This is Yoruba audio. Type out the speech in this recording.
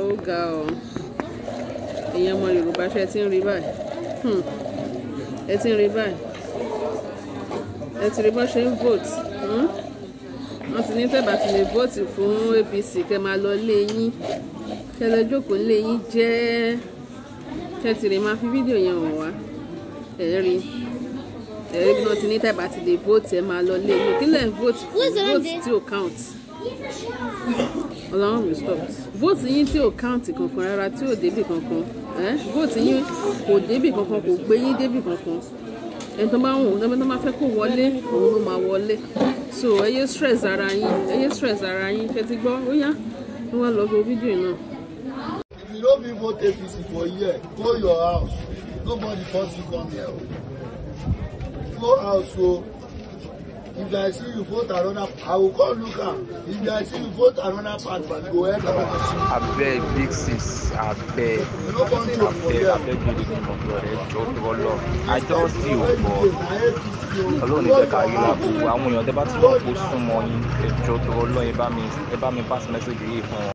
ó ga ọ èèyàn ọmọ yorùbá ṣe ti ń rí báyìí hmm. ẹ ti ń rí báyìí ẹ ti rí bọ́ ṣe ń vote hmm. wọ́n ti ní tẹ́bà ti lè vote fún APC kẹ́ máa lọ lé yín kẹ́ lọ jókòó lé yín jẹ́ kẹ́ ti lè máa fi fídíò yẹn hàn wá ẹ̀ rí ẹ̀rí náà ti vote ẹ̀ máa lọ vote vote tí count ọlọ́run mi stop vote yín tí ò káǹtì kankan rárá tí ò débì kankan vote yín kò débì kankan kò gbé yín débì kankan ẹni tó bá wùn ẹni tó bá fẹ́ kó wọlé òun ló máa wọlé so ẹ yé stress ara yín ẹ yé stress ara yín kẹ́tí gbọ́ ó yá wọ́n wá lọ bo fídíò náà. if you no fit vote apc for here go your house nobody force you come here o go house o. So. If I see you vote another, I will call Luka. If I see you vote another part, go ahead. Abeg big sis, abeg, abeg, abeg you dey come from God, ẹjọ́ tó lọ. I just see you for Ọlọ́run ní kẹ́kẹ́ ayé la gbogbo àwọn èèyàn tẹ́ bá ti wọ́n kó súnmọ́ yín ẹjọ́ tó lọ ẹ bá mi pass message yìí fún ọ.